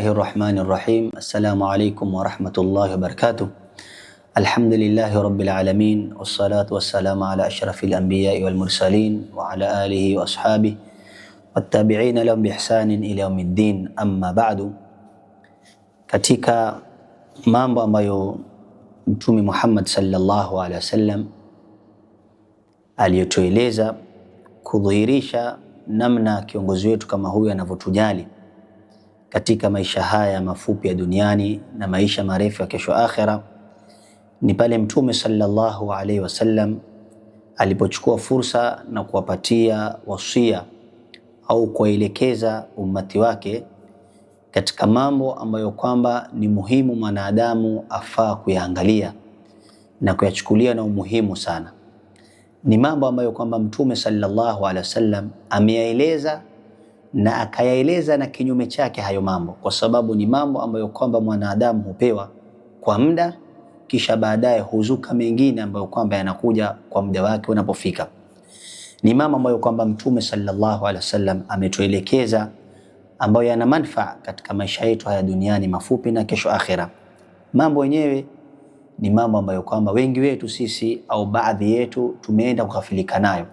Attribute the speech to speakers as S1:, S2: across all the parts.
S1: الله الرحمن الرحيم السلام عليكم ورحمة الله وبركاته الحمد لله رب العالمين والصلاة والسلام على أشرف الأنبياء والمرسلين وعلى آله وأصحابه والتابعين لهم بإحسان إلى يوم الدين أما بعد katika mambo يوم محمد صلى الله عليه وسلم aliyotueleza kudhihirisha namna kiongozi wetu kama huyu anavyotujali katika maisha haya mafupi ya duniani na maisha marefu ya kesho akhera, ni pale Mtume sallallahu alaihi wasallam alipochukua fursa na kuwapatia wasia au kuwaelekeza ummati wake katika mambo ambayo kwamba ni muhimu mwanadamu afaa kuyaangalia na kuyachukulia na umuhimu sana. Ni mambo ambayo kwamba Mtume sallallahu alaihi wasallam ameyaeleza na akayaeleza na kinyume chake hayo mambo, kwa sababu ni mambo ambayo kwamba mwanadamu hupewa kwa muda, kisha baadaye huzuka mengine ambayo kwamba yanakuja kwa muda wake unapofika. Ni mambo ambayo kwamba Mtume sallallahu alaihi wasallam ametuelekeza ambayo yana manufaa katika maisha yetu haya duniani mafupi na kesho akhera. Mambo yenyewe ni mambo ambayo kwamba wengi wetu sisi au baadhi yetu tumeenda kughafilika nayo.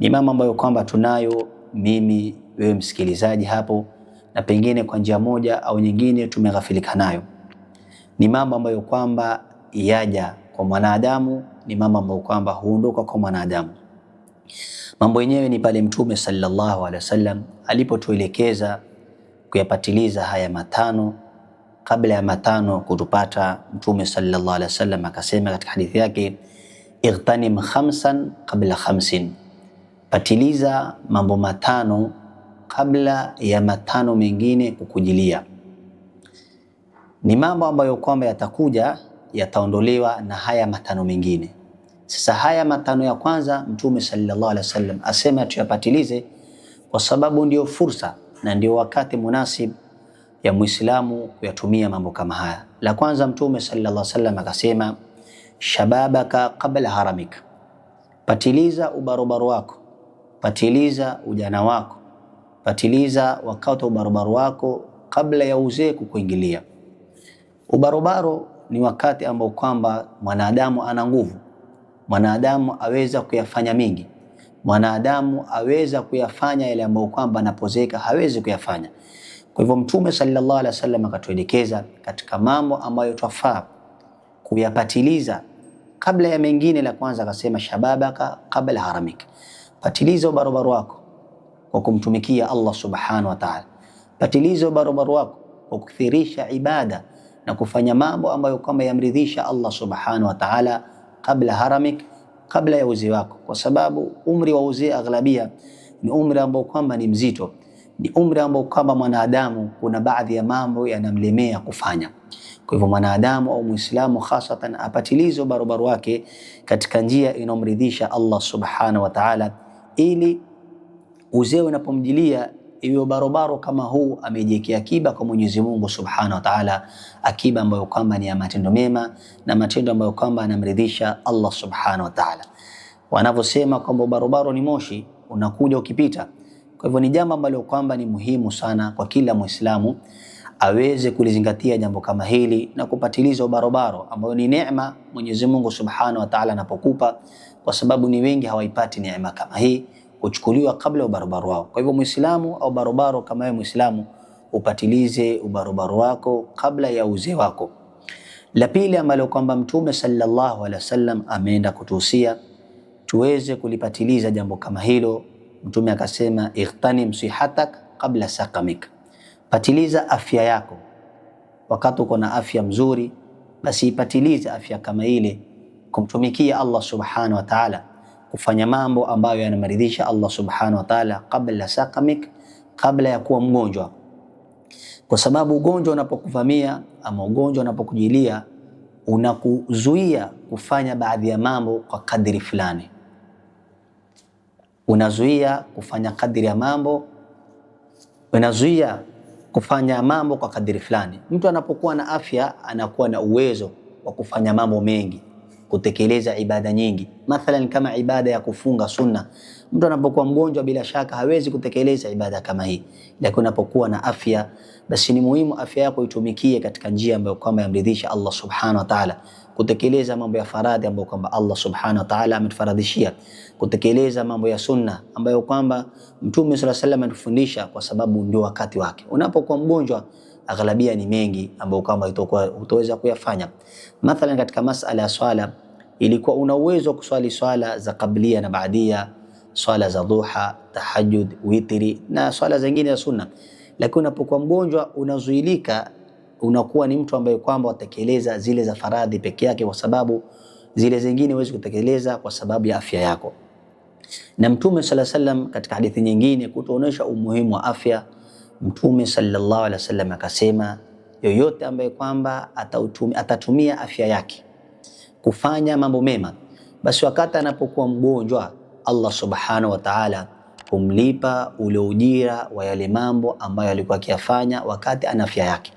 S1: Ni mambo ambayo kwamba tunayo mimi wewe msikilizaji hapo, na pengine kwa njia moja au nyingine tumeghafilika nayo. Ni mambo ambayo kwamba yaja kwa mwanadamu, ni mambo ambayo kwamba huondoka kwa mwanadamu. Mambo yenyewe ni pale Mtume sallallahu alaihi wasallam alipotuelekeza kuyapatiliza haya matano. Kabla ya matano kutupata, Mtume sallallahu alaihi wasallam akasema katika hadithi yake, igtanim khamsan qabla khamsin, patiliza mambo matano kabla ya matano mengine kukujilia. Ni mambo ambayo kwamba yatakuja yataondolewa na haya matano mengine. Sasa haya matano ya kwanza Mtume sallallahu alaihi wasallam asema tuyapatilize, kwa sababu ndio fursa na ndio wakati munasib ya Muislamu kuyatumia mambo kama haya. La kwanza Mtume sallallahu alaihi wasallam akasema, shababaka qabla haramika, patiliza ubarobaro wako, patiliza ujana wako patiliza wakati wa ubarobaro wako kabla ya uzee kukuingilia. Ubarobaro ni wakati ambao kwamba mwanadamu ana nguvu, mwanadamu aweza kuyafanya mingi, mwanadamu aweza kuyafanya yale ambayo kwamba anapozeeka hawezi kuyafanya. Kwa hivyo Mtume sallallahu alaihi wasallam akatuelekeza katika mambo ambayo twafaa kuyapatiliza kabla ya mengine. La kwanza akasema, shababaka kabla haramika, patiliza ubarobaro wako kwa kumtumikia Allah subhanahu wa ta'ala. Patilizo barobaro wako kwa kukithirisha ibada na kufanya mambo ambayo kwamba yamridhisha Allah subhanahu wa ta'ala kabla haramik, kabla ya uzee wako, kwa sababu umri wa uzee aghlabia ni umri ambao kwamba ni mzito, ni umri ambao kwamba mwanadamu kuna baadhi ya mambo yanamlemea kufanya. Kwa hivyo mwanadamu au Muislamu hasatan apatilizo barobaro wake katika njia inayomridhisha Allah subhanahu wa ta'ala ili uzee unapomjilia iwe barobaro kama huu, amejiwekea akiba kwa Mwenyezi Mungu Subhanahu wa Ta'ala, akiba ambayo kwamba ni ya matendo mema na matendo ambayo kwamba anamridhisha Allah Subhanahu wa Ta'ala. Wanavyosema kwamba barobaro ni moshi unakuja ukipita. Kwa hivyo ni jambo ambalo kwamba ni muhimu sana kwa kila Muislamu aweze kulizingatia jambo kama hili na kupatiliza ubarobaro, ambayo ni neema Mwenyezi Mungu Subhanahu wa Ta'ala anapokupa, kwa sababu ni wengi hawaipati neema kama hii huchukuliwa kabla ubarobaro wao. Kwa hivyo Muislamu au barobaro kama wewe Muislamu upatilize ubarobaro wako kabla ya uzee wako. La pili ambalo kwamba Mtume sallallahu alaihi wasallam ameenda kutuhusia tuweze kulipatiliza jambo kama hilo. Mtume akasema ightanim sihatak kabla sakamik, patiliza afya yako wakati uko na afya mzuri, basi ipatilize afya kama ile kumtumikia Allah subhanahu wa ta'ala kufanya mambo ambayo yanamridhisha Allah subhanahu wa ta'ala, kabla sakamik, kabla ya kuwa mgonjwa, kwa sababu ugonjwa unapokuvamia ama ugonjwa unapokujilia unakuzuia kufanya baadhi ya mambo kwa kadri fulani, unazuia kufanya kadri ya mambo, unazuia kufanya mambo kwa kadri fulani. Mtu anapokuwa na afya anakuwa na uwezo wa kufanya mambo mengi kutekeleza ibada nyingi, mathalan kama ibada ya kufunga sunna. Mtu anapokuwa mgonjwa, bila shaka hawezi kutekeleza ibada kama hii, lakini unapokuwa na afya, basi ni muhimu afya yako itumikie katika njia ambayo kwamba yamridhisha Allah subhanahu wa ta'ala, kutekeleza mambo ya faradhi ambayo kwamba Allah subhanahu wa ta'ala ametufaradhishia, kutekeleza mambo ya sunna ambayo kwamba Mtume swalla sallam anatufundisha, kwa sababu ndio wakati wake. Unapokuwa mgonjwa aghalabia ni mengi ambayo kwamba utaweza kuyafanya, mathalan katika masala ya swala ilikuwa una uwezo wa kuswali swala za kablia na baadia, swala za duha, tahajjud, witri na swala zingine za sunna, lakini unapokuwa mgonjwa unazuilika, unakuwa ni mtu ambaye kwamba watekeleza zile za faradhi peke yake, kwa sababu zile zingine huwezi kutekeleza kwa sababu ya afya yako. Na Mtume sala salam katika hadithi nyingine kutuonesha umuhimu wa afya, Mtume sallallahu alaihi wasallam akasema, yoyote ambaye kwamba atatumia afya yake kufanya mambo mema, basi wakati anapokuwa mgonjwa Allah subhanahu wa ta'ala humlipa ule ujira wa yale mambo ambayo alikuwa akiyafanya wakati ana afya yake.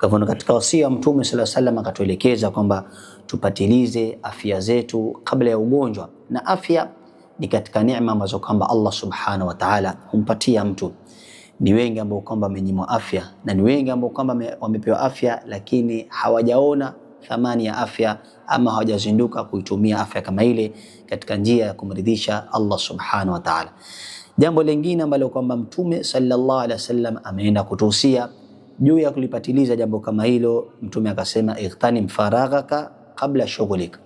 S1: Kwa hivyo katika wasia wa Mtume sallallahu alaihi wasallam akatuelekeza kwamba tupatilize afya zetu kabla ya ugonjwa, na afya ni katika neema ambazo kwamba Allah subhanahu wa ta'ala humpatia mtu. Ni wengi ambao kwamba wamenyimwa afya na ni wengi ambao kwamba wamepewa afya lakini hawajaona thamani ya afya ama hawajazinduka kuitumia afya kama ile katika njia ya kumridhisha Allah subhanahu wa ta'ala. Jambo lingine ambalo kwamba Mtume sallallahu alaihi wasallam ameenda kutuhusia juu ya kulipatiliza jambo kama hilo, Mtume akasema ightanim faraghaka kabla shughulik,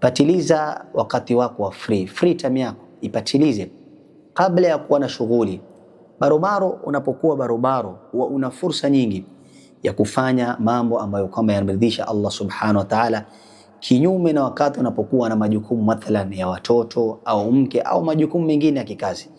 S1: patiliza wakati wako wa free free time yako ipatilize kabla ya kuwa na shughuli. Barobaro unapokuwa barobaro, una fursa nyingi ya kufanya mambo ambayo kwamba yanamridhisha Allah subhanahu wa ta'ala, kinyume na wakati unapokuwa na majukumu mathalan ya watoto au mke au majukumu mengine ya kikazi.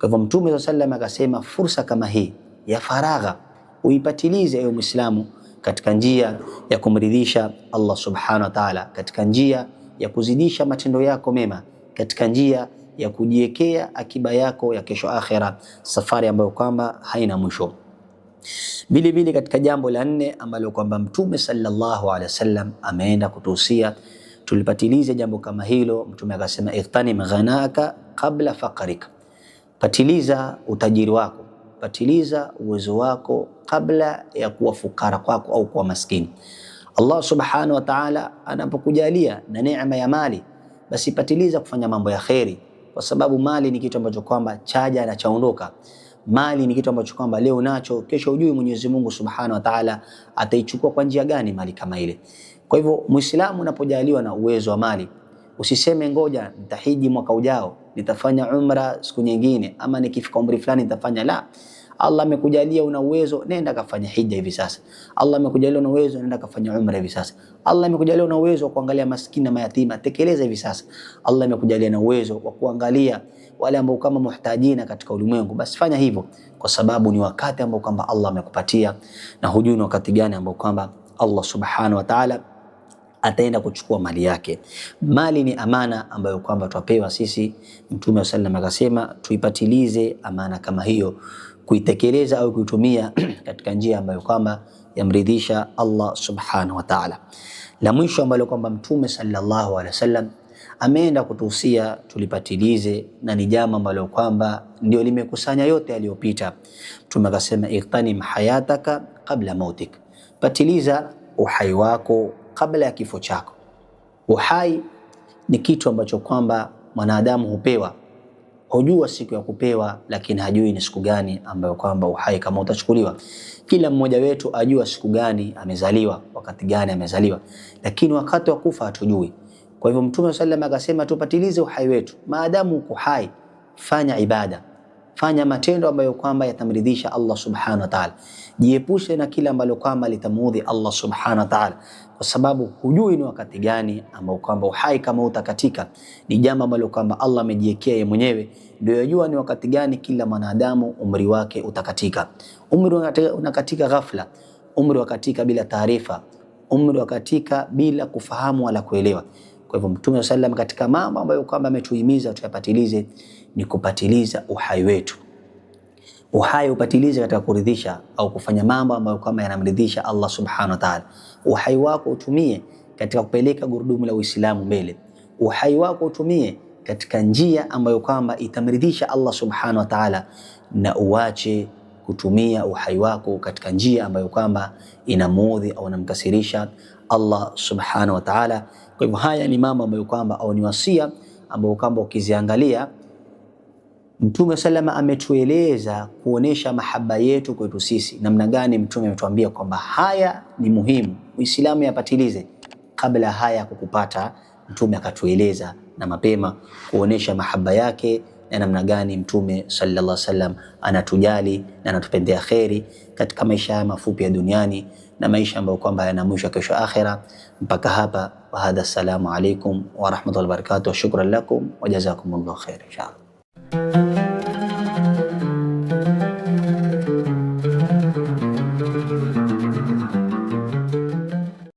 S1: Kwa hivyo Mtume swalla sallam akasema fursa kama hii ya faragha uipatilize ewe Muislamu katika njia ya kumridhisha Allah subhanahu wa ta'ala, katika njia ya kuzidisha matendo yako mema, katika njia ya kujiwekea akiba yako ya kesho akhera, safari ambayo kwamba haina mwisho. Vilevile katika jambo la nne ambalo kwamba Mtume sallallahu alaihi wasallam ameenda kutuhusia, tulipatilize jambo kama hilo. Mtume akasema ihtanim ghanaka qabla faqrika, patiliza utajiri wako, patiliza uwezo wako kabla ya kuwa fukara kwako au kuwa maskini. Allah subhanahu wa ta'ala anapokujalia na neema ya mali, basi patiliza kufanya mambo ya kheri, kwa sababu mali ni kitu ambacho kwamba chaja na chaondoka. Mali ni kitu ambacho kwamba leo nacho, kesho ujui Mwenyezi Mungu Subhanahu wa Ta'ala ataichukua kwa njia gani mali kama ile. Kwa hivyo Muislamu unapojaliwa na uwezo wa mali, usiseme ngoja nitahiji mwaka ujao, nitafanya umra siku nyingine, ama nikifika umri fulani nitafanya la Allah amekujalia una uwezo, nenda kafanya hija hivi sasa. Allah amekujalia una uwezo, nenda kafanya umra hivi sasa. Allah amekujalia una uwezo wa kuangalia maskini na mayatima, tekeleza hivi sasa. Allah amekujalia na uwezo wa kuangalia wale ambao kama muhtajina katika ulimwengu, basi fanya hivyo, kwa sababu ni wakati ambao kwamba Allah amekupatia, na hujui ni wakati gani ambao kwamba Allah subhanahu wa ta'ala ataenda kuchukua mali yake. Mali ni amana ambayo kwamba twapewa sisi. Mtume wa sallam akasema tuipatilize amana kama hiyo kuitekeleza au kuitumia katika njia ambayo kwamba yamridhisha Allah subhanahu wa ta'ala. La mwisho ambalo kwamba Mtume sallallahu alaihi wasallam ameenda kutuhusia tulipatilize, na ni jambo ambalo kwamba ndio limekusanya yote yaliyopita. Mtume akasema, iqtanim hayataka qabla mautik, patiliza uhai wako kabla ya kifo chako. Uhai ni kitu ambacho kwamba mwanadamu hupewa hujua siku ya kupewa, lakini hajui ni siku gani ambayo kwamba uhai kama utachukuliwa. Kila mmoja wetu ajua siku gani amezaliwa, wakati gani amezaliwa, lakini wakati wa kufa hatujui. Kwa hivyo Mtume sallallahu alaihi wasallam akasema tupatilize uhai wetu, maadamu uko hai fanya ibada fanya matendo ambayo kwamba yatamridhisha Allah subhanahu wa ta'ala. Jiepushe na kila ambalo kwamba litamuudhi Allah subhanahu wa ta'ala, kwa sababu hujui ni wakati gani ambao kwamba uhai kama utakatika. Ni jambo ambalo kwamba Allah amejiwekea yeye mwenyewe, ndio yajua ni wakati gani kila mwanadamu umri wake utakatika. Umri unakatika ghafla, umri wakatika bila taarifa, umri wakatika bila kufahamu wala kuelewa. Kwa hivyo Mtume sallam katika mambo ambayo kwamba ametuhimiza tuyapatilize ni kupatiliza uhai wetu. Uhai upatilize katika kuridhisha au kufanya mambo ambayo kwamba yanamridhisha Allah subhanahu wa ta'ala. Uhai wako utumie katika kupeleka gurudumu la Uislamu mbele. Uhai wako utumie katika njia ambayo kwamba itamridhisha Allah subhanahu wa ta'ala, na uwache kutumia uhai wako katika njia ambayo kwamba inamuudhi au inamkasirisha Allah subhanahu wa ta'ala. Kwa hivyo haya ni mambo ambayo kwamba au ni wasia ambao kwamba ukiziangalia Mtume salama ametueleza kuonesha mahaba yetu kwetu sisi, namna gani Mtume ametuambia kwamba haya ni muhimu Uislamu yapatilize kabla haya kukupata. Mtume akatueleza na mapema kuonesha mahaba yake na namna gani Mtume sallallahu alaihi wasallam anatujali na anatupendea kheri katika maisha haya mafupi ya duniani na maisha ambayo kwamba yana mwisho kesho akhira. Mpaka hapa wahadha, assalamu alaikum warahmatullahi wabarakatuh, shukran lakum jazakumullahu khair inshallah.